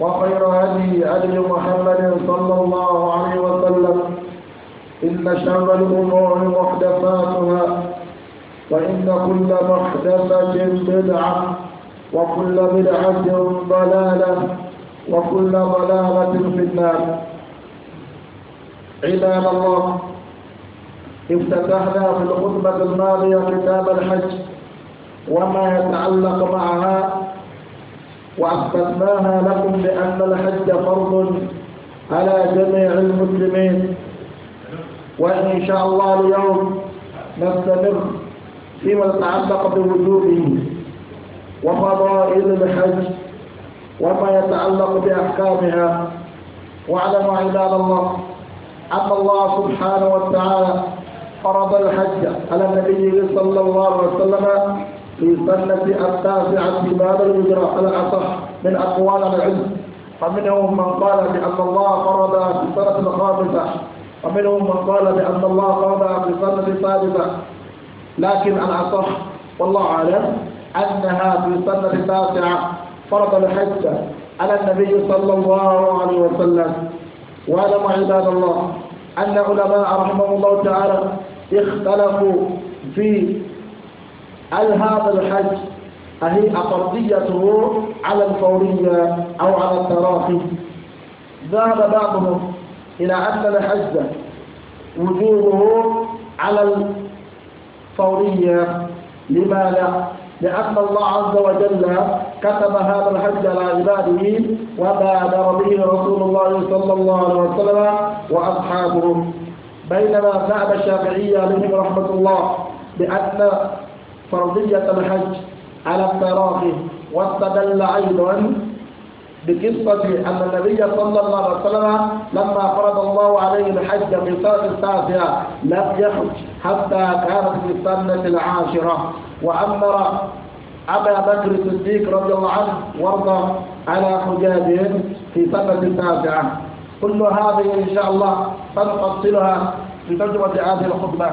وخير هدي هدي محمد صلى الله عليه وسلم إن شر الأمور محدثاتها فإن كل محدثة بدعة وكل بدعة ضلالة وكل ضلالة في النار عباد الله افتتحنا في الخطبة الماضية كتاب الحج وما يتعلق معها وأحسناها لكم لأن الحج فرض على جميع المسلمين وإن شاء الله اليوم نستمر فيما يتعلق بوجوده وفضائل الحج وما يتعلق بأحكامها واعلموا عباد الله أن الله سبحانه وتعالى فرض الحج على النبي صلى الله عليه وسلم في سنة التاسعة باب الهجرة على الأصح من أقوال العلم فمنهم من قال بأن الله فرض في السنة الخامسة ومنهم من قال بأن الله فرض في السنة السادسة لكن الأصح والله أعلم أنها في السنة التاسعة فرض الحج على النبي صلى الله عليه وسلم واعلم عباد الله أن علماء رحمه الله تعالى اختلفوا في هل هذا الحج هي أقضيته على الفورية أو على التراخي ذهب بعضهم إلى أن الحج وجوده على الفورية لماذا؟ لأن الله عز وجل كتب هذا الحج على عباده وبادر به رسول الله صلى الله عليه وسلم وأصحابه بينما ذهب الشافعية عليهم رحمة الله بأن فرضية الحج على افتراضه واستدل أيضا بقصة أن النبي صلى الله عليه وسلم لما فرض الله عليه الحج في السنة التاسعة لم يحج حتى كانت في السنة العاشرة وأمر أبا بكر الصديق رضي الله عنه وارضى على حجاج في سنة التاسعة كل هذه إن شاء الله سنفصلها في ترجمة هذه الخطبة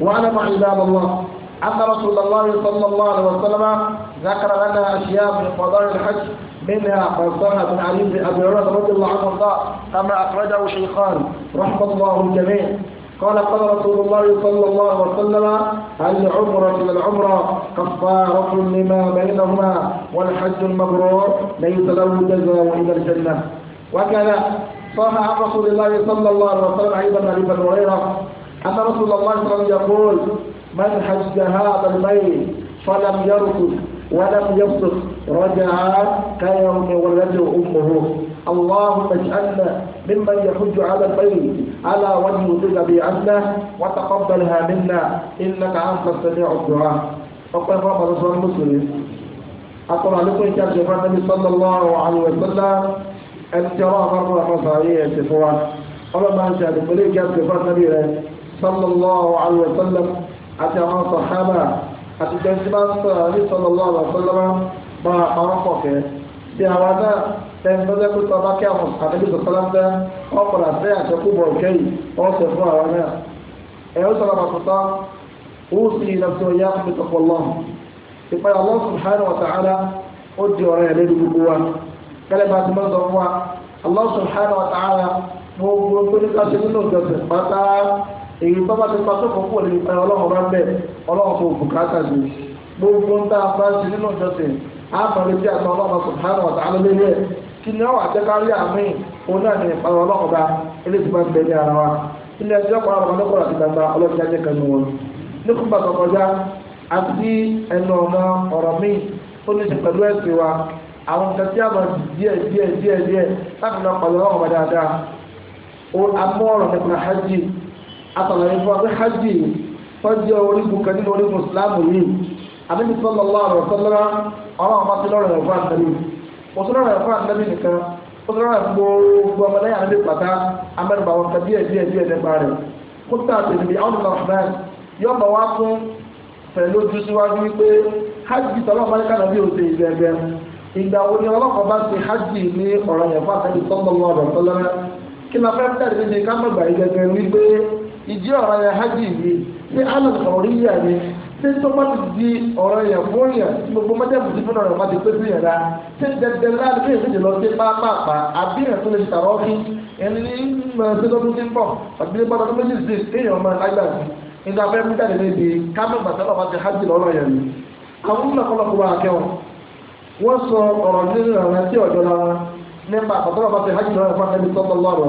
مع عباد الله أن رسول الله صلى الله عليه وسلم ذكر لنا أشياء من فضائل الحج منها قصها بن علي بن أبي هريرة رضي الله عنه وارضاه كما أخرجه شيخان رحمة الله الجميع قال قال رسول الله صلى الله عليه وسلم العمرة إلى العمرة كفارة لما بينهما والحج المبرور ليس له جزاء إلى الجنة وكذا صح عن رسول الله صلى الله عليه وسلم أيضا عن أبي هريرة أن رسول الله صلى الله عليه وسلم يقول من حج هذا البيت فلم يركض ولم يفسق رجعا كيوم ولده امه اللهم اجعلنا ممن يحج على البيت على وجه رضيك عنا وتقبلها منا انك انت السميع الدعاء. أقول فاطمة رسول المسلم أقول لكم إن كان شيخ النبي صلى الله عليه وسلم الجراء مرة مصارية شيخوان. أولا ما أنشأ لكم إن كان شيخ النبي صلى الله عليه وسلم àti àwọn sàhábà àti jẹ́sí bá ń sọ̀rọ̀ ní sallallahu alaihi wasallam bá a parọ́ pọ̀ kẹ́ bí àwa náà ẹni tó lẹ́kùn tó bá kí àwọn àtẹ́bí sọ̀tọ́lá ń bẹ́ wọ́n padà àtẹ́kù bọ̀ kẹ́yì wọ́n sọ fún àwa náà ẹ̀yọ́ sọ̀rọ̀ pàtàkì ó sì lọ́sọ ìyá mi tọ̀pọ̀ lọ́n ìpẹ́ Allah subhanahu wa ta'ala ó di ọ̀rẹ́ ẹ̀lẹ́dì gbogbo wa kẹ́lẹ́ Allah subhanahu wa ta'ala mo gbogbo nípa ṣe èyí tó bá ti pa tó kọ́kọ́ lè pa ọlọ́run bá bẹ̀ ọlọ́run gbogbo ń tá a bá ti nínú ìjọsìn á ọlọ́run kí ni òun náà ní ọlọ́run bá eléyìí bá ń bẹ ní ara wa ilé ẹjọ́ àti gbàgbà ọlọ́run jáde wọn àti ẹnu ọ̀nà ọ̀rọ̀ ó ní ṣe pẹ̀lú a àtàlàyé fún wa pé hajj tọ́jú orígun kan nínú orígun ìsìláàmù yìí àbíbi sọ́lọ́ lọ́rọ̀ sọ́lọ́rọ́ ọlọ́run bá ti lọ́rọ̀ ẹ̀fọ́ àtẹ́lẹ́ mo tún lọ́rọ̀ ẹ̀fọ́ àtẹ́lẹ́ nìkan mo tún lọ́rọ̀ gbogbo ọmọlẹ́yìn àti pàtà amẹ́rùbá wọn kan díẹ̀ díẹ̀ díẹ̀ nípa rẹ̀ kóta àtẹ̀lẹ́ àwọn ọ̀nà yóò bọ̀ wá fún pẹ̀lú ojú síwájú wípé hajj tọ́lọ́ mọ́lẹ́ká náà bí òde ìgbẹ́gbẹ́ ìgbà wo ni ọlọ́kọ̀ bá ti hajj ní ọ̀rọ̀ yẹn fún àtẹ́lẹ́ sọ́lọ́ lọ́rọ̀ sọ́lọ́rọ́ kí la fẹ́ tẹ̀lé ní ká mọ̀gbà ìgbẹ́gbẹ́ wípé ìdí ọ̀rọ̀ yẹn hajj yìí ṣé alàlùkọ̀ orí yà ni ṣé tó bá ti di ọ̀rọ̀ yẹn fún yẹn gbogbo mọ́tẹ́bù ti fún ọ̀rọ̀ bá ti pé sí yẹn rà ṣé dẹdẹ láti fi ìfìdí lọ sí pápápá àbí yẹn tó lè ṣe tààrọ́ fún ẹni ní ṣẹ́dọ́dún tí ń bọ̀ àbí ní pátá tó méjì sí èèyàn máa lágbàá nígbà fẹ́ mú jáde níbi kámẹ́ gbàtẹ́lọ̀ bá ti hajj lọ́rọ̀ yẹn ni àwọn olùkọ́lọ́kọ́ wa kẹ́wọ̀n wọ́n sọ ọ̀rọ̀ nínú àwọn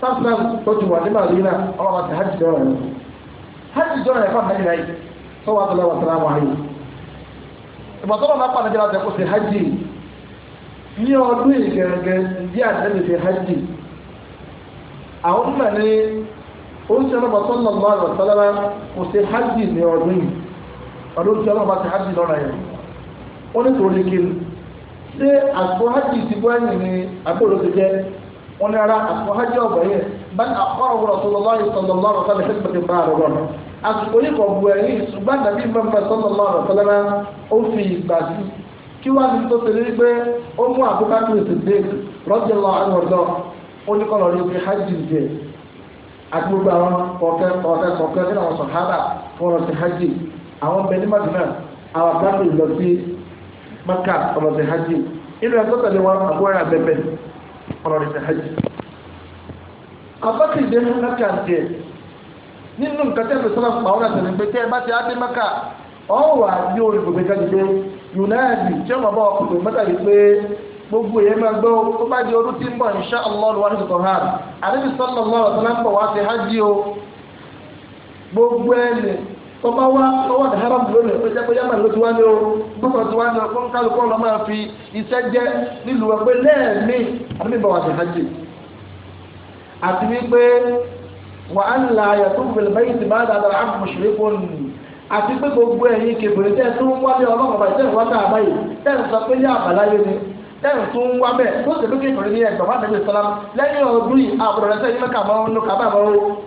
sáfìlán tó ti wà ní màdínà ọmọ àti hajj dọ́rọ̀ rẹ̀ hajj dọ́rọ̀ rẹ̀ fáwọn hajj náà sọ́wọ́ àtàlẹ́ wà sàlámù àyè ìgbàsọ́rọ̀ náà pàdé jẹ́ àtẹ̀kù sí hajj ní ọdún ìgẹ̀rẹ̀gẹ̀ ìdí àtẹ̀lẹ̀ sí hajj àwọn mọ̀ ní oúnjẹ ọlọ́pàá sọ́nà lọ́wọ́ àgbà sálámà kò sí hajj ní ọdún yìí ọdún tí ọlọ́pàá ti hajj lọ́rọ̀ yẹn ó ní tòun ní kiri ṣé àgbo hajj ti bọ́ ẹ̀yìn ní àgbò wọn ni ara àpò hajj ọ̀bọ̀ yẹn bẹ́ẹ̀ àkọ́rọ̀ wọ́n sọlọ́lá ìsọlọ́lá rọ̀ sálẹ̀ fẹ́ẹ́ bá rẹ̀ wọ́n. àsìkò yìí kọ̀ bu ẹ̀yìn ṣùgbọ́n nàbí mẹ́fẹ́ sọlọ́lá rọ̀ sálẹ̀ ó fi ìgbà sí kí wàá ní tó ṣe ní pé ó mú àbúkátù ìsìndé rọ́jò lọ àwọn ọ̀dọ́ ó ní kọ́lọ̀ ní orí hajj jẹ àti gbogbo àwọn kọ̀ọ̀kẹ́ kọ̀ọ̀kẹ́ kọ̀ọ̀kẹ́ nínú àwọn sọ̀hárà fún ọ̀sẹ̀ hajj àwọn bẹ ní madina àwọn àbúkátù ìlọ sí maka ọ̀sẹ̀ hajj inú ẹ̀ tó tẹ̀lé wọn àbúrò àbẹ̀bẹ̀ ọ̀rọ̀ rẹ̀ hajj abakiri dẹnu mẹka ntẹ nínú nǹkan tẹ́ fẹ́ sọ́nà pàwọn àtẹnudẹ pé tẹ́ bá ti á dé mẹka ọ̀hún wà ní olùgbòmí jáde yunadi tí wọ́n bá ọkùnrin mẹ́ta yìí pé gbogbo èèyàn máa gbọ́ tó bá di ọdún tí ń bọ̀ insha wà ní tuntun hàn tó náà ń wá sí hajj tọba wa lọ́wọ́ dàhárà lónìí ẹgbẹ jẹ pé yàrá ló ti wá ní o gbogbo ti wá ní o fún kálukú ọlọ máa fi iṣẹ́ jẹ nílùú ẹgbẹ lẹẹmí àbí bá wà sí hajj àti wípé wà á ń la yàtọ̀ fèlè báyìí ti bá dáadáa á fún nù àti pé gbogbo ẹ̀yin kébìrì tẹ́ ẹ̀ tó ń wálé ọlọ́mọba tẹ́ ẹ̀ wá tá a báyìí tẹ́ ẹ̀ sọ pé yá àbáláyé ni tẹ́ ẹ̀ tó ń wá bẹ́ẹ̀ tó ṣe lókè kébìrì ní ẹgbẹ̀rún àtẹ̀jẹ̀ sọlá lẹ́yìn ọdún yìí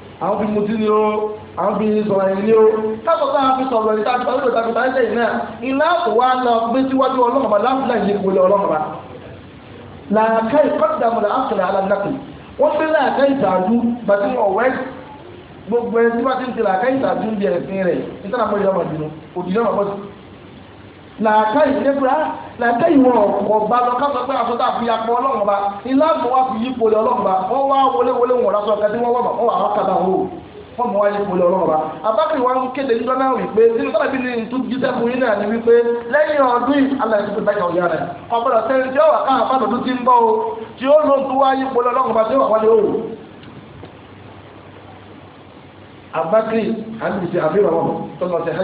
àwọn fi mutí ni ó àwọn fi sọ̀rọ̀ ẹ̀yìn ni ó káàkó sáà fi sọ̀rọ̀ ẹ̀yìn tàbí tàbí tàbí tàbí tàbí náà ilá tó wá lọ gbé síwájú ọlọ́mọba láfúlà yìí kò lọ ọlọ́mọba làákà ìkọ́dàmọ̀lá àkàlà alágbàkì wọ́n fi làákà ìtàdú bàtí ọ̀wẹ́ gbogbo ẹni tí wọ́n ti ń ti làákà ìtàdú bí ẹ̀sìn rẹ̀ nítorí àpọ̀ ìjọba làákà ìdẹ́gbà ah, làákà ìwọ ọ̀gbà lọ́kàtọ́gbà àtúntà àfihàpọ̀ ọlọ́run ba ilé àgbò wa fi yipole lé ọlọ́run ba wọ́n wá wọlé wọn lásán kẹ́tí wọ́n wọ́n wọ́n wà kàdà wò wọ́n ba wa ń kéde nígbà náà wípé nínú sábà bí ní tún jíṣẹ́ fún ni wípé ọdún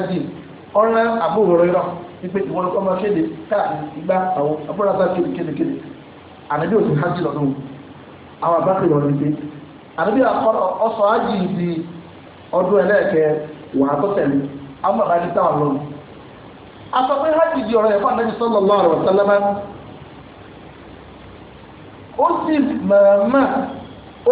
tí ó wà wípé ha ni kọ́ máa kéde káàdì igbá àwọn abúlé kéde kéde kéde ànábì ò ti hajj lọ́dún àwọn abákẹ́ hajj di ọdún ẹlẹ́ẹ̀kẹ́ tó tẹ̀lé àwọn táwọn hajj di ọ̀rọ̀ ẹ̀fọ́ ó sì ó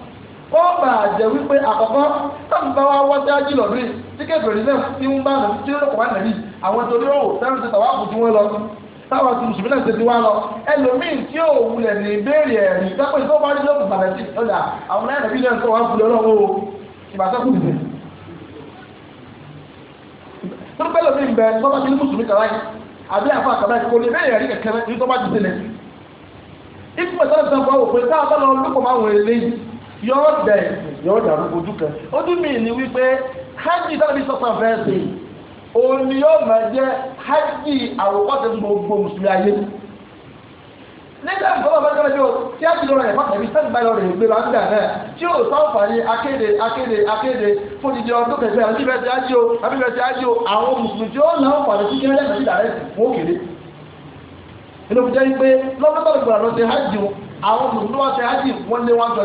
ó bà jẹ́ wípé àkọ́kọ́ táǹbà wa wá sí ájì lọ́dún yìí tí kébèrè náà ti ń bá nàbí tí ó lọ́kọ̀ bá nàbí àwọn torí ọ̀wọ̀ táwọn ti tàwa kù tí wọ́n lọ táwọn ti mùsùlùmí náà ti ti wá lọ ẹlòmíì tí ò wulẹ̀ ní ìbéèrè ẹ̀rí dápẹ́ ìfọ́ bá rí lọ́kùn bàbá sí ọ̀dà àwọn náà nàbí náà ń tọ́ wá fúlẹ̀ ọlọ́wọ́ ìbáṣẹ́kù nìyẹn. tó bẹ́ẹ̀ lómi ń bẹ tọ́ba ti ní mùsùlùmí yóò dẹ̀ ẹ̀sìn yóò dàrú ojú kan ojú mi ni wípé hajj tábìlì sọ́kàn fẹ́ òun ni yóò máa jẹ́ hajj àwòkọ́sẹ̀ gbogbo mùsùlùmí ayé nígbà tí wọ́n bá fẹ́ sọ́kàn tí a ti lọ rẹ̀ pàtàkì sẹ́gbà lọ rẹ̀ gbé láti dà náà tí yóò akéde akéde akéde fún ìdí ọdún àti ti o àbí ti o àwọn mùsùlùmí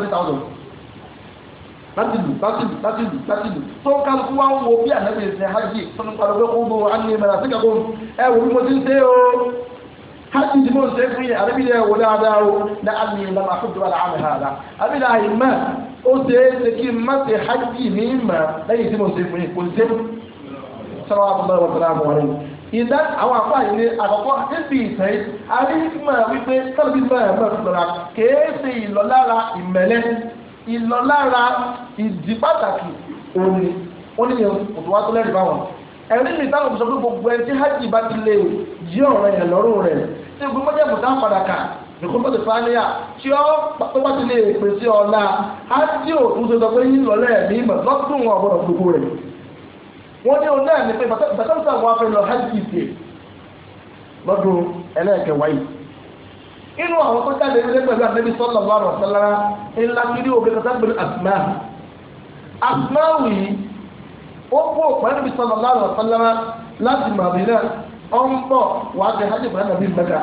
tí ó sí láti lù láti lù láti lù láti lù tó ń kálukú wá ń wo bí ànábì ìsìn hajj tó ń parọ́ pé kó ń bọ̀ wá ní ìmọ̀ràn sí kankan ẹ wò bí mo ti ń ṣe o hajj tí mo ń ṣe fún yẹn ànábì yẹn wò dáadáa o ní àmì ìlànà àfọ̀dù wà láàmì hàdá àbí náà ìmọ̀ ó ṣe é ṣe kí n má ṣe hajj ní ìmọ̀ lẹ́yìn tí mo ṣe fún yẹn kò ṣe sọ́wọ́ àbúrò wọn sọ́wọ́ àbúrò wọn ìdá àwọn àpá yìí ní àkọ́kọ́ níbi ìtàn yìí a ní mọ̀ wípé kábíyèsí mọ̀ ẹ̀ mọ̀ kèé ṣe ìlọ́lára ìmẹ̀lẹ́ ìlọlára ìdí pàtàkì òní oníyẹn òtò wá tó lẹ́rìí báwọn ẹ̀rí mi táwọn òbí sọ pé gbogbo ẹni tí hajj bá ti lè jí ọ̀rọ̀ yẹn lọ́rùn rẹ̀ tí gbogbo mọ́jẹ́ kò dáhùn padà kà nìkan bọ́dẹ̀ fáníyà tí ó tó bá ti lè e pèsè ọ̀la hajj ò tún ṣe sọ pé yín lọ́lẹ́ ẹ̀mí ìmọ̀ lọ́dún wọn ọ̀bọ̀dọ̀ gbogbo rẹ̀ wọ́n ní onáà ní pé bàtà ìsàwọn afẹ́ lọ hajj ìsè lọ́dún ẹlẹ́ẹ̀kẹwàá yìí inú àwọn tó jáde nílé pẹ̀lú àtẹ́bí sọ́lọ̀ bá rọ̀ sẹ́lára ńlá kiri òbí kọta pẹ̀lú asma asma yìí ó kó pẹ̀lú àtẹ́bí sọ́lọ̀ bá rọ̀ sẹ́lára láti màbílẹ̀ ọ ń bọ̀ wàá jẹ hajj pẹ̀lú àtẹ́bí mẹ́ta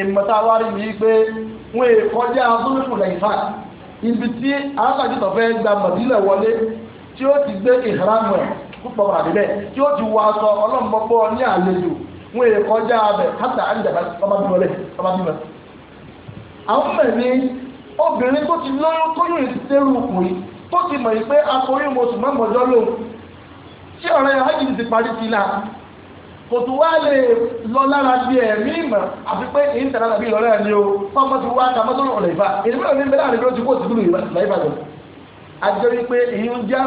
ìmọ̀ta wa rí mi pé wọ́n è kọjá sólùkù lẹ́yìnfà ibi tí alákàtúntọ̀ fẹ́ gba màbílẹ̀ wọlé tí ó ti gbé ìhàrámù ẹ̀ púpọ̀ àdìbẹ̀ tí ó ti wọ aṣọ ọlọ́mọgbọ́ ní àlejò wọn èyí kọjá abẹ kátà àǹdàbà ọba bímọ lẹ ọba bímọ. àwọn mẹ̀mí obìnrin tó ti lóyún tó yìí yìí tó ti mọ̀ yìí pé akọrin mọ́mọ́jọ́ lòun tí ọ̀rẹ́ hajj ti parí ti la kò tó wá lè lọ lára bí ẹ̀mí àfi pé èyí ń tẹ̀lé àbí o fọmọ ti wá mọ́tò èyí bẹ́ẹ̀ ti kó òsì wípé èyí ń jẹ́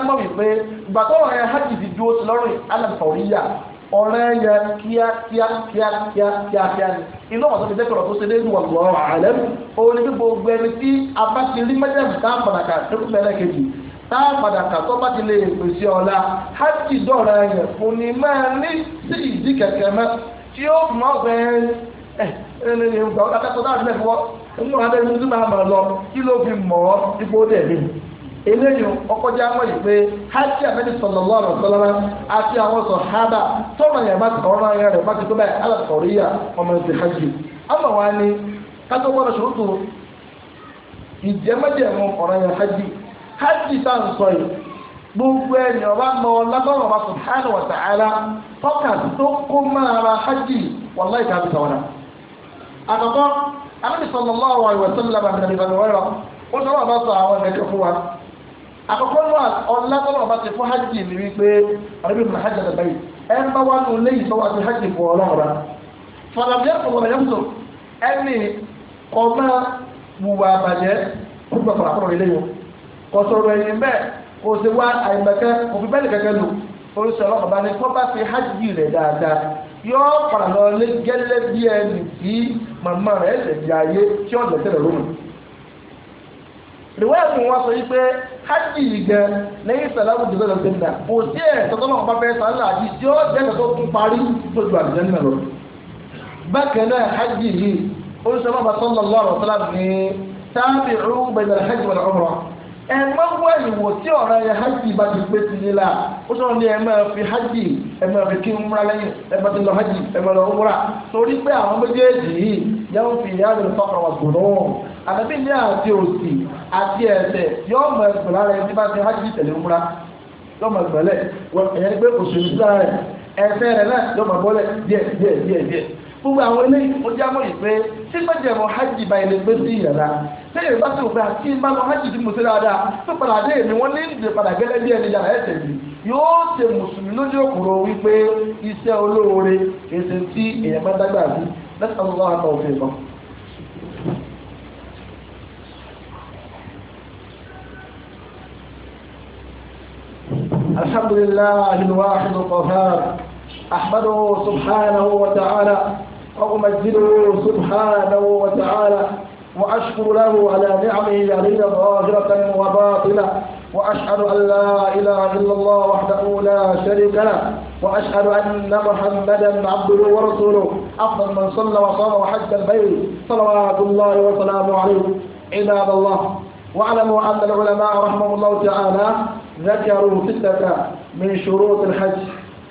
ti ọ̀rẹ́ ya kíá kíá kíá kíá kíá kíá ni inú ọ̀sán ti dẹ́kọ̀rọ̀ tó ṣe dé ìwọ̀n gbọ́ ọ̀rọ̀ àlẹ́ òun ni bí gbogbo ẹni tí a bá ti rí mẹ́tẹ̀ẹ̀mù eléyìí ọkọjá mọ̀ yìí pé hajj ahmed sọlọ́lọ́ àrùn sọlọ́lá àti àwọn sọ̀hábà tọ́nà yẹn bá tọ̀rọ̀ náà yẹn rẹ̀ bá ti tó báyìí alàkọ̀ríyà ọmọ ìsìn hajj àmọ́ wa ni kátó gbọ́dọ̀ ṣòwòtò ìjẹ́mẹ́jẹ̀mú ọ̀rọ̀ yẹn hajj hajj tá à ń sọ yìí gbogbo ẹ̀yìn ọba mọ lábọ́rọ̀ ọba subhanahu wa ta'ala tọ́ka tó kó mára hajj wàláì ká àkọ́kọ́ alábìsọ̀lọ́lọ́ àwọn ìwẹ̀sẹ̀ ńlá bàbá ìbàdàn wẹ́rọ ó wọ́n sọ àkọ́kọ́ náà ọlọ́tọ́lọ́ ọba ti fún hajj mi wípé ọ̀rẹ́bí mi hajj àtàgbà yìí ẹ ń bá wá ní olé yìí sọ́wọ́ àti hajj fún ọlọ́run ra fàlàbíyà yẹn tó ẹni ọmọ wùwà àbàjẹ́ ilé yìí kò sọ̀rọ̀ ẹ̀yìn bẹ́ẹ̀ kò sí wá kò fi bẹ́ẹ̀ kẹ́kẹ́ lò oríṣi bá hajj rẹ̀ dáadáa gẹ́lẹ́ ẹni tí màmá rẹ̀ ìwéyàwó wọn sọ yìí pé hajj yìí gan lẹ́yìn sàlámù jùlọ lọ sẹńdà kò sí ẹ tọtọ náà bá fẹ́ sàlá àti tí ó jẹ tọtọ tún parí lójú àbíjẹ nínú lọ. bákan náà hajj yìí oníṣẹ́ máa bá sọ́nà lọ́rọ̀ sọ́lá ní táàbì rúgbà ìdàrẹ́ hajj wọn ọ̀rọ̀ ẹ má wá ìwò tí ọ̀rọ̀ yẹn hajj bá ti pé sí nílá ó sọ̀rọ̀ ní ẹ máa fi hajj ẹ máa fi kí n múra lẹ́yìn ẹ máa ti lọ hajj ẹ máa lọ múra torí pé àwọn méjèèjì yìí yẹn ń fi ìyá rẹ̀ fọ́kànlá gbòòrò àtàbí ní àti òsì àti ẹ̀sẹ̀ yóò mọ ẹgbẹ̀rẹ̀ ara ẹni bá ti hajj tẹ̀lé múra yóò mọ ẹgbẹ̀rẹ̀ ẹ̀yẹ́ ni pé òṣèlú sára rẹ̀ ẹ̀sẹ̀ rẹ̀ náà yóò mọ bọ́lẹ̀ díẹ̀ díẹ̀ díẹ̀ díẹ̀ gbogbo àwọn eléyìí mo jámọ́ yìí pé tí gbẹ́jẹ̀mọ́ hajj bá ilé gbé sí ìyàrá lẹ́yìn bá tó gba kí n bá lọ hajj tí mo ṣe dáadáa tó padà dé èmi wọ́n ní ìdè padà gẹ́lẹ́ bí ẹni yàrá ẹ̀sẹ̀ mi yóò ṣe mùsùlùmí lójú òkúrò wípé iṣẹ́ olóore èsì tí èèyàn bá dágbà sí lẹ́sàn-án lọ́wọ́ àtọ̀ òfin kan. الحمد لله الواحد القهار أحمده سبحانه وتعالى وأمجده سبحانه وتعالى وأشكر له على نعمه علينا ظاهرة وباطنة وأشهد أن لا إله إلا الله وحده لا شريك له وأشهد أن محمدا عبده ورسوله أفضل من صلى وصام وحج البيت صلوات الله وسلامه عليه عباد الله واعلموا أن العلماء رحمهم الله تعالى ذكروا ستة من شروط الحج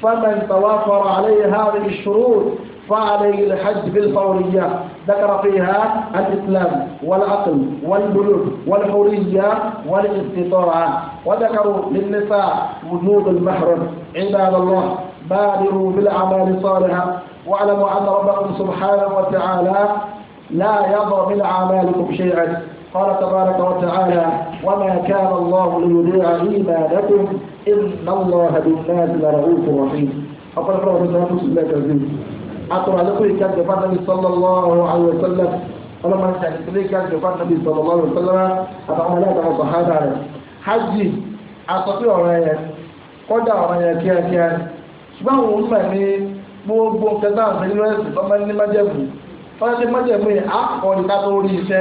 فمن توافر عليه هذه الشروط فعليه الحج بالفورية ذكر فيها الإسلام والعقل والبلوغ والحرية والاستطاعة وذكروا للنساء وجود المحرم عباد الله بادروا بالأعمال الصالحة واعلموا أن ربكم سبحانه وتعالى لا يضر من أعمالكم شيئا fara a a na-achị na-achị ụha ji aọụ ọ gwanwe male bụboụ awee ajitaori nhe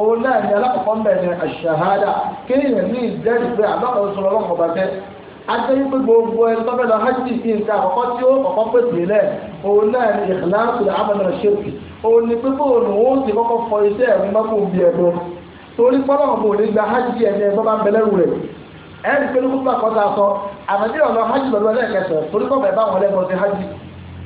òun náà ní alákọ̀ọ́kọ́ ń bẹ̀ ní àṣàhádà kéèyàn ní ìjẹ́rìí pé àbákan sọ ọlọ́run ọba tẹ́ adéyí pé gbogbo ẹni tó fẹ́ lọ hajj sí nǹkan àkọ́kọ́ tí ó kọ́kọ́ pèsè lẹ̀ òun náà ní ìkìláàsì àmàlà ṣèkì òun ní pípé òun òun sì kọ́kọ́ fọ iṣẹ́ ẹ̀mí mọ́kùn bí ẹ̀bùn torí pọ́lọ́mù ò ní gba hajj ẹni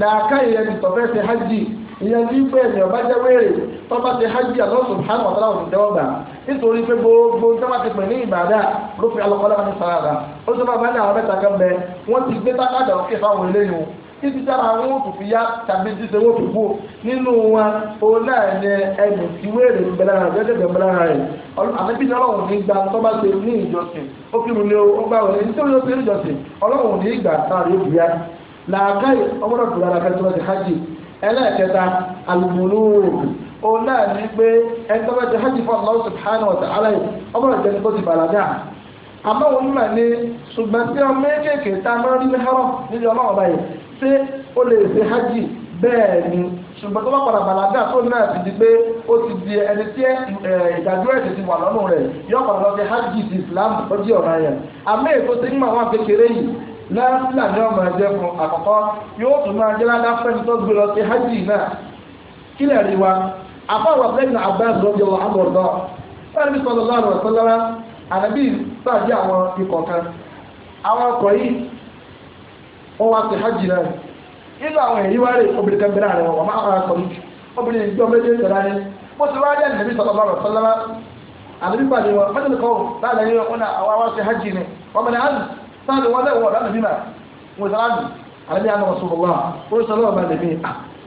na aka ní tọ́fẹ́ ṣe hajj ìyẹn ní pé ẹ̀yìn ọba jẹ́ wéèrè tọ́ba ṣe hajj Allah subhanahu wa ta'ala òfin dẹ́wọ́ gbà nítorí pé gbogbo tọ́ba ti pè ní ìbàdà ló fi alọ́kọ́lá ní sàràdà ó sọ bàbá ní àwọn mẹ́ta kan bẹ wọ́n ti gbé tákàdà òkè ya tàbí títí wọn ò fi nínú o náà ní ẹnu tí wéèrè ń bẹ̀rẹ̀ rẹ̀ o nítorí ó ya làákàyè ọgbọ́dọ̀ tó lára kẹ́tọ́ ti hajj ẹlẹ́ẹ̀kẹta alùmùlùmù òun náà ní pé ẹgbẹ́ ti hajj fún Allah subhanahu wa ta'ala ọgbọ́dọ̀ jẹ́ nípa ti bàlágà àmọ́ òun a máa rí ní haram níbi ni ti di ti di ẹni tí ti wà yọ padà lọ sí náà ní ọmọ fún àkọ́kọ́ yóò tún máa jẹ́ ládá fẹ́ni tó gbé lọ sí hajj náà kí lè rí wa afọwọ́ lẹ́yìn abẹ́rẹ́ lọ́jọ́ lọ àbọ̀dọ́ bí sọ́dọ̀ ọ̀sán àdàbí àwọn ikọ̀ kan àwọn ọkọ̀ yìí wọ́n wá sí hajj náà nínú àwọn èyí wá obìnrin kan bẹ̀rẹ̀ àrẹwọ̀ wọ́n máa sọ obìnrin gbé mo ti wá sọ̀rọ̀ lọ́rọ̀ pàdé wọn mọ́tò nìkan láàrin wọn àwọn sí hajj ni wọ́n sáàdì wọn lẹ́wọ̀ ọ̀dá nàbí náà wọn sáàdì àlẹ́bí àná ọ̀sọ̀rọ̀lá ó sọ lọ́wọ́ bàlẹ̀ mi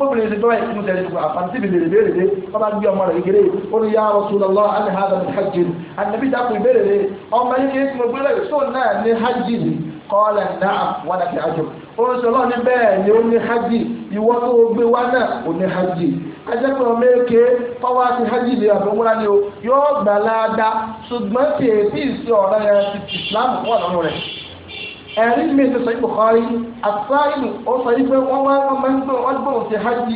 bóbìnrin ti dọ́wọ́ ìpinnu tẹ̀lé tó àfàǹtí bìbèrè béèrè dé ọba gbé ọmọ rẹ̀ kékeré ó ní yá Rasulullah àti hàdà ní hajj ànàbí dàpọ̀ ìbéèrè rẹ̀ ọmọ yìí kéé tún gbé lẹ́yìn sóun náà ní hajj qala na'am wa laki ajr ó sọ lọ́wọ́ ní bẹ́ẹ̀ ni ó ní hajj ìwọ tó gbé wá náà ò ní hajj ajẹ́pẹ́ ọmọ èké fọwọ́ àti hajj lè àbẹ̀ wúra ni o yóò gbà láadáa ṣùgbọ́n tèèpì sí ọ̀rẹ́ yẹn ti Islam wọ̀ lọ́rùn rẹ̀ ẹ̀rí mi ti sọ Bukhari àtàìlù ó sọ wípé wọ́n wá wọ́n máa ń gbé wọ́n gbóhùn sí hajj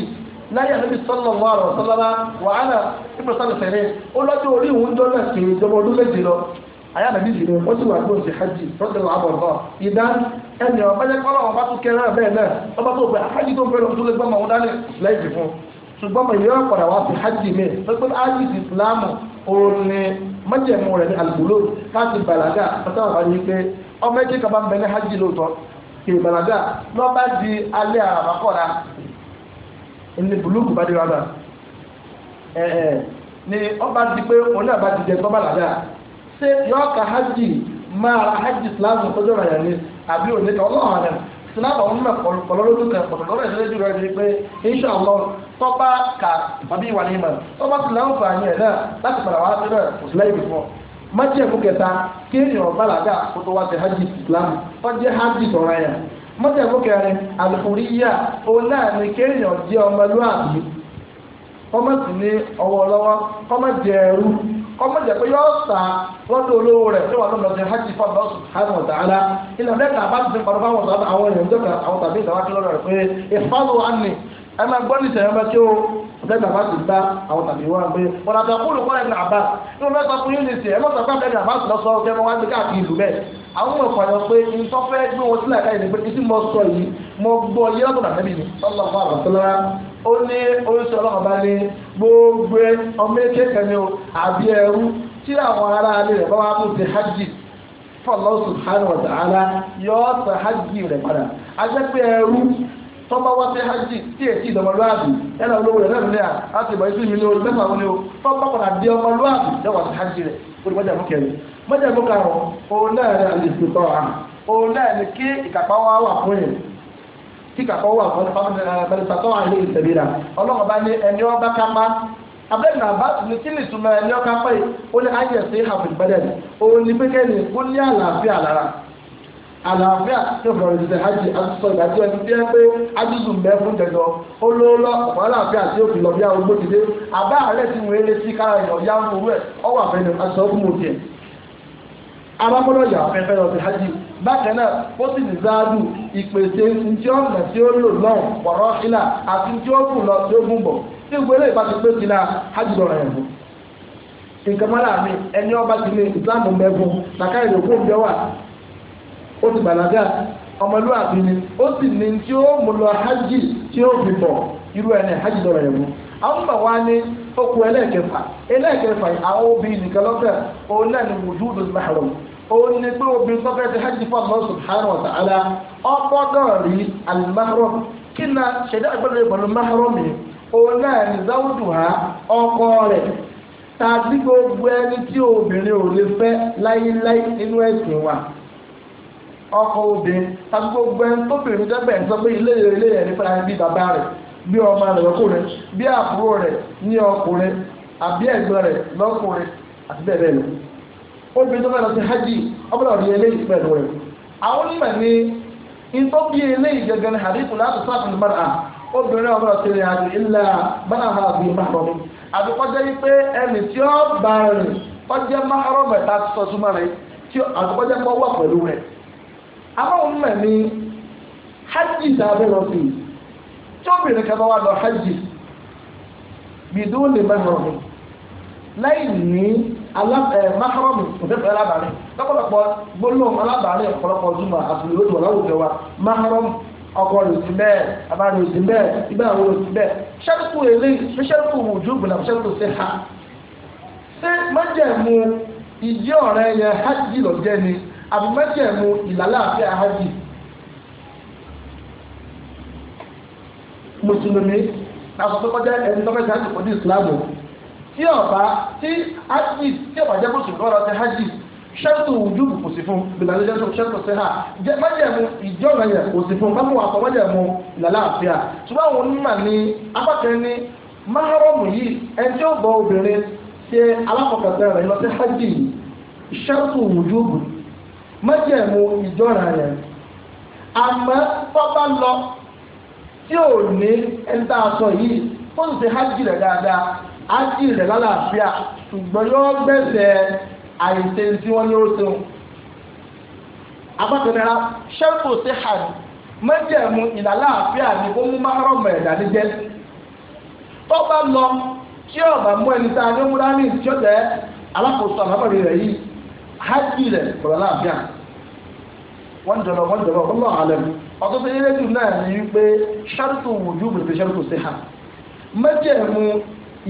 láyé àdébí sọ́lọ́wọ́ àrọ̀ sọ́lọ́lá wàhálà ibùdó sọ́lọ́ fẹ̀rẹ̀ ó lọ́jọ́ orí òun dọ́là sí ìjọba ọdún méjì lọ àyà nàbí sì ni ó sì wà gbóhùn sí hajj rọ́dọ̀lá àbọ̀rọ̀ ìdá ẹni ọ̀pẹ́jẹ́ kọ́lọ́ wọn bá tún kẹrẹ́ bẹ́ẹ̀ náà ọba tó gbẹ hajj tó ń fẹ́ lọ́dún lé gbọ́mọ̀ wọn dání láìsí fún ọma ẹjẹ kaba ń bẹ ní hajj lóòótọ́ ìbànújẹ́ di alẹ́ àràbàkọdà ní bùlùkù bá dé wàdà ẹ ẹ ọba di pe onye aba bá ti ọba tọ́ba se ṣé ka hajj máa ra hajj sílámù tọjọ rẹ yẹn ni tọba ka tàbí ìwà ní tọba anyị májẹ̀mú kẹta kéèyàn bàlágà kó tó wá sí hajj islam ọjẹ́ hajj tọ̀ra yẹn májẹ̀mú kẹrin àlùkùríyà òun náà ni kéèyàn jẹ́ ọmọlúwàbí kọ́mọ sì ní ọwọ́ lọ́wọ́ kọ́mọ jẹ ẹrú kọ́mọ jẹ pé yọ sà lọ́dọ̀ olówó rẹ̀ tí wọ́n lọ́dọ̀ sí hajj fọ́ọ̀dù ọ̀sùn hajj ọ̀tàlá ilẹ̀ mẹ́ta bá ti parọ́ fáwọn àwọn èèyàn jọ́ka àwọn tàbí ìtàwákí lọ́dọ̀ rẹ̀ pé ìfọ́nù lẹ́gbàá bá ti bá àwọn tàbí wá gbé wọn àti àkúrò kọ́lá ìgbà àbá inú mẹ́ta fún yín nìsí ẹ̀ mọ́tò fún abẹ́rẹ́ àbá lọ́sọ ọ̀gẹ́ wọn wá gbé káàkiri ìlú bẹ́ẹ̀ àwọn ọmọ ìpàdé pé nǹkan fẹ́ gbé wọn sílẹ̀ káyìí pé títí mo sọ yìí mo gbọ́ yé látọ̀nà àbẹ́bí mi ọlọ́pàá àbàtọ́lá ó ní oríṣi ọlọ́run bá ní gbogbo ọmọ kékeré tọ́ba wá sí hajj tí èsì ìdọ̀mọlúwàbí ẹ̀rọ olówó rẹ̀ lẹ́nu náà á ti bọ̀ ìsúnmi ní orí mẹ́fà wọn ni o tọ́ba padà di ọmọlúwàbí lẹ́wọ̀ sí hajj rẹ̀ ó di mọ́jà mú kẹrin mọ́jà mú karùn òun náà rẹ̀ àlè ìsìn tọ́ àrùn òun náà ni kí ìkàpá wa wà fún yẹn kí ìkàpá wa fún balùsàtọ́ àlè ìsẹ̀bìrà bá ní ní kí ni ìtumọ̀ ẹni ọkápá yìí ó ní ayẹ̀sẹ̀ ìhàbùn ìbẹ̀rẹ̀ òun ni pé kẹ́ni ó ní àlàáfíà lára àlàáfíà tí ó fọ̀rọ̀ ìṣẹ̀ hajj àtúnṣe ìdájọ́ ẹni tí ẹ pé ajúzù ń bẹ fún jẹjọ ó ló lọ ọ̀pọ̀ àlàáfíà tí ó fi lọ bí àwọn gbòdì dé àbá àárẹ̀ tí wọ́n eré sí kára ọ wà aṣọ arákọ́lọ́ yà fẹ́fẹ́ lọ sí hajj bákan náà ó sì ní záádù ìpèsè ọ̀nà tí ó lò lọ́hùn hajj mi ẹni ọba ti ní ó ti bàlágà ọmọlúwàbí ni ó sì ní tí ó mú lọ hajj tí ó fi bọ̀ irú ẹni hajj lọ́rọ̀ ẹ̀ mú àwọn wa ẹlẹ́ẹ̀kẹfà ẹlẹ́ẹ̀kẹfà àwọn obìnrin nìkan lọ́fẹ̀ òun náà ni wùdúùdù mahram òun ni pé obìnrin tó ti hajj fún ọgbọ́dọ̀ na ṣẹ̀dá àgbẹ̀rẹ̀ ìbọ̀lú òun náà ni záwùdù ha ọkọ rẹ̀ tàbí gbogbo ẹni tí obìnrin ò lè fẹ́ nínú ẹ̀sìn ọkọ obìnrin tàbí gbogbo ẹni tó bèrè jẹ́bẹ̀ẹ́ ń sọ pé ilé rẹ̀ ilé rẹ̀ nípa bí bàbá rẹ̀ bí ọmọ rẹ̀ lọ́kùnrin bí àbúrò rẹ̀ ní ọkùnrin àbí ẹ̀gbọ́n rẹ̀ lọ́kùnrin àti bẹ́ẹ̀ bẹ́ẹ̀ lọ. obìnrin tó fẹ́ lọ sí hajj ọgbọ́dọ̀ rí eléyìí pẹ̀lú rẹ̀. àwọn onímọ̀ ni ìtọ́ bí eléyìí gẹ́gẹ́ ní hadithu láti sáfìlì mọ́ra obìnrin ọgbọ́dọ̀ ti rìn àjò ilẹ̀ bọ́nà àwọn àbí mahrum àbíkọ́jẹ́ pé ẹnì tí ó bá rìn ọjẹ́ mahrum mẹ́ta sọ súnmọ́ rẹ̀ tí àbíkọ́jẹ́ pọ̀ wà pẹ̀lú rẹ̀ àwọn ọmọ mi hajj tàbí lọ sí tóbìnrin kan bá wà lọ hajj bìdó lè mẹ́rọ̀mù láì ní alábàárẹ̀ òtẹ́fẹ́ alábàárẹ̀ lọ́pọ̀lọpọ̀ gbólóhùn alábàárẹ̀ ọ̀pọ̀lọpọ̀ zuma àtúnyẹ̀wò tó láwùjọ wa mahram ọkọ rẹ̀ sí bẹ́ẹ̀ bàbá rẹ̀ sí bẹ́ẹ̀ ibà àwọn rẹ̀ sí bẹ́ẹ̀ ṣẹ́kù èlé ṣẹ́kù wùjú gbìnà sí ha ṣé ìdí àbí mẹ́jẹ̀mú ìlàláàfíà hajj mùsùlùmí láti tó kọjá ẹni tó kọjá hajj pẹ̀lú ìsìlámù tí ọba tí hajj tí ọba jẹ́ mùsùlùmí lọ́rọ̀ ti hajj ṣẹ́tù ojú kò sí fún bìlàlẹ́ jẹ́ ṣẹ́tù sí ha jẹ́ mẹ́jẹ̀mú ìjọba yẹn kò sí fún mẹ́mú àpọ̀ mẹ́jẹ̀mú ìlàláàfíà ṣùgbọ́n àwọn onímọ̀ ní apákan ní máhárọ̀mù yìí ẹni tí ó bọ obìnrin ṣe alákọ̀ọ́kọ̀tẹ̀ rẹ̀ lọ sí hajj ṣẹ́tù ojú kò mọ́jẹ̀mú ìjọ́ra rẹ̀ àmọ́ tọ́ba lọ tí ò ní ẹni tá a sọ yìí ó sì ṣe hajj rẹ̀ dáadáa hajj rẹ̀ lálàáfíà ṣùgbọ́n yóò gbẹ̀sẹ̀ àìṣe tí wọ́n ní ó ṣeun abákanira ṣẹ́kù sí hajj mọ́jẹ̀mú ìlàláàfíà ni ó mú máhárọ̀mù ẹ̀dá níjẹ́ tọ́ba lọ tí ọba mú ẹni tá a ní múra ní ìjọ́jẹ́ alákòóso àlábàrí rẹ̀ yìí hajj rẹ̀ kọ̀ọ̀lá àfíà wọ́n jọlọ wọ́n jọlọ ọlọ́run àlẹ́mú ọtún tó yẹ jù náà ni wípé ṣáàtù wùdú bùrùkì ṣáàtù sí ha mẹ́jẹ̀mú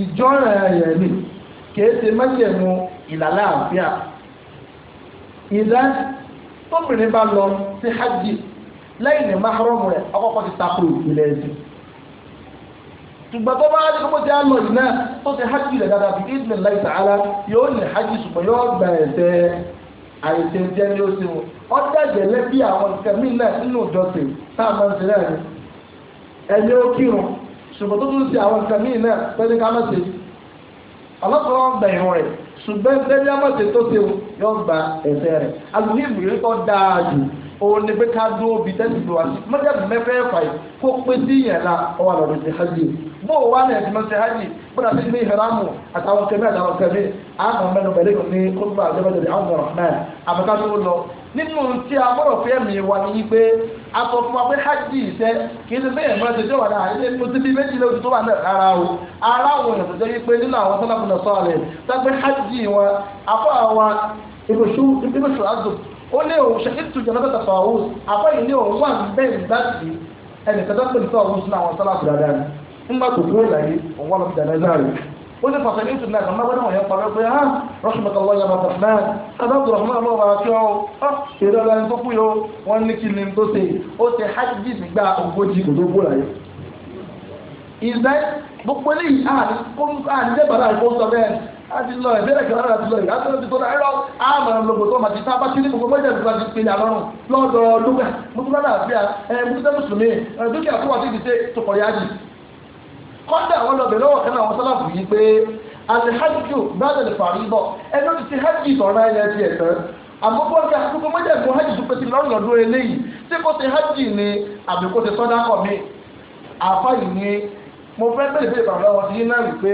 ìjọ́ràn ẹ̀yẹ̀ mi kìí ṣe mẹ́jẹ̀mú ìlàlẹ́ àbíà ìdá tóbìnrin bá lọ sí hajj lẹ́yìn ní mahrum rẹ̀ ọkọ̀ọ̀kọ̀ ti tako ìpìlẹ̀ ẹ̀sìn ṣùgbọ́n tó bá hajj kó ti á lọ yìí náà tó ti hajj rẹ̀ dáadáa fi ìdílé láì tààlà yóò ní hajj ṣùgbọ́n yóò gbà ẹ̀sẹ̀ àìsè jẹ́ ní oṣù wọn dàgbẹ́ lẹ́bí àwọn náà nínú tá a máa ń ṣe náà ni ẹni ó ṣùgbọ́n tó tún ṣe àwọn nǹkan náà pẹ́ẹ́lí ká máa ṣe ọlọ́kọ̀ọ́ gbà ìwọ̀n rẹ̀ ṣùgbọ́n pẹ́ẹ́lí á máa tó ṣe yọ gba rẹ̀ yìí dáa jù òun ni pé ká dúró bíi tẹ́sí ìlú wa mọ́tẹ́bù mẹ́fẹ́ fà yìí kó pé sí yẹn la ọwọ́ àlọ́ lóṣè hajj bó o wá ní ẹ̀sìn lọ́sẹ̀ hajj bóra sí ní ìhẹ́rámù àtàwọn kẹmí àtàwọn kẹmí àwọn mẹ́nu pẹ̀lẹ́ kò ní kótópà àjẹbẹ́jẹbẹ́ àwọn ọ̀rọ̀ náà àbúká tó lọ nínú tí a gbọ́dọ̀ fẹ́ mi wá ní pé a sọ fún wa pé hajj iṣẹ́ kì í ṣe bẹ́ẹ̀ pé nínú àwọn ó lé òun ṣe ètò ìjọba tó tàfà òun àbá yìí ní òun wà ń bẹ́ẹ̀ nígbà tí ẹnì kẹta pè ní sọ òun sínú àwọn sálà àbùdàdà ni ńgbà tó kúrò láyé òun wà lọ́bí dàdà náà rè ó ní pàṣẹ ní ìtùnú àgbà máa wọ́n yẹn parọ́ pé á rọ́ṣùmọ̀tàlọ́ yà bàtà náà adájọ́ rahman lọ́wọ́ bàrà kí ọ́ èrè ọ̀la ní tó kú yó wọ́n ní kí ni tó ṣe ó ṣe hajj nígbà ogójì kò tó kú láyé. ìgbẹ́ gbogbo eléyìí àdìgbẹ́ bàrà àìkó sọ bẹ́ẹ̀ láti lọ ìbéèrè kan láti lọ ìyá tó ti tó náírà àmọ́ ọlọ́gbọ̀n tó máa ti sábà sí ní gbogbo mọ́jà tó ti pèlè àlọ́run lọ́dọ̀ lúgà mùsùlùmí àlàáfíà ẹ̀ mùsùlùmí mùsùlùmí ẹ̀ dúkìá tó wà sí ìdíje tọkọ̀ yáàjì. kọ́ńdà àwọn lọ bẹ̀rẹ̀ ọ̀kan àwọn sálàfù yìí pé alihajju bàdàlì fàríbọ̀ ẹni ó ti ti hajj ìtọ̀rọ̀ ayẹyẹ ti ẹ̀tọ́ àkókò ọjà gbogbo mọ́jà ìgbọ̀n hajj tó pèsè lọ́rùn lọ́dún eléyìí tí kò ti hajj ni àbí kò ti sọ́dá kọ̀ mí àfáyì ni mo fẹ́ bẹ̀rẹ̀ bẹ̀rẹ̀ bàbá wọn ti yín náà rí pé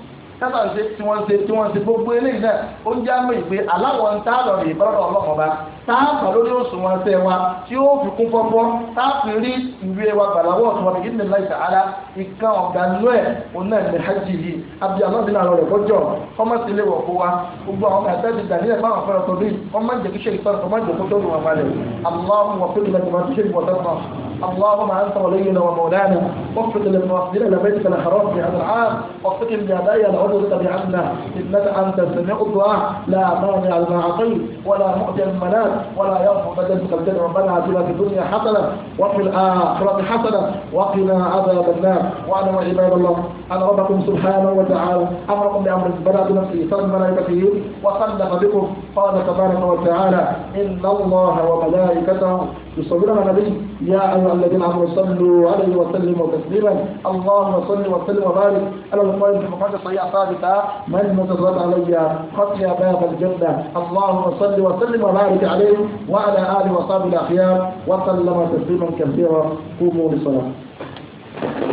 sábà ń ṣe tí wọ́n ṣe tí wọ́n ṣe gbogbo eléyìí náà ó ń já mọ́ ìpè aláwọ̀ ń tá lọ rèé bọ́lọ́dọ̀ ọlọ́kọ̀ọ́ba tá a gbà lórí òṣùwọ̀n ṣe wa tí ó fi kún fọ́fọ́ tá rí ìwé wa gbàláwọ̀ ọ̀tún wọn ìdílé láì sàárà ìkan ọ̀gá nínú ẹ̀ òun náà ní hajj yìí abdi aláàbí náà rẹ̀ kọjọ ọmọ sí ilé wọ̀kú wa gbogbo àwọn ọmọ àtẹ́jú dàníyà fún àwọn اللهم انت ولينا ومولانا واغفر للمؤمنين لبيتك الحرام في هذا العام واغفر لابائي العرب لتتبعن فتنة أن السميع الدعاء لا مانع لما أعطيت ولا مؤتي المنات ولا يرفع بدنك الجد ربنا آتنا في الدنيا حسنة وفي الآخرة حسنة وقنا عذاب النار واعلموا عباد الله أن ربكم سبحانه وتعالى أمركم بأمر بدأت نفسي فلما ملائكته وصلى بكم قال تبارك وتعالى إن الله وملائكته يصلون على النبي يا أيها الذين آمنوا صلوا عليه وسلموا تسليما اللهم صل وسلم وبارك على القائم بمقعد صحيح ثابتة من متصلت علي خطي باب الجنة اللهم صل وسلم وبارك عليه وعلى آله وصحبه الأخيار وسلم تسليما كثيرا قوموا بصلاة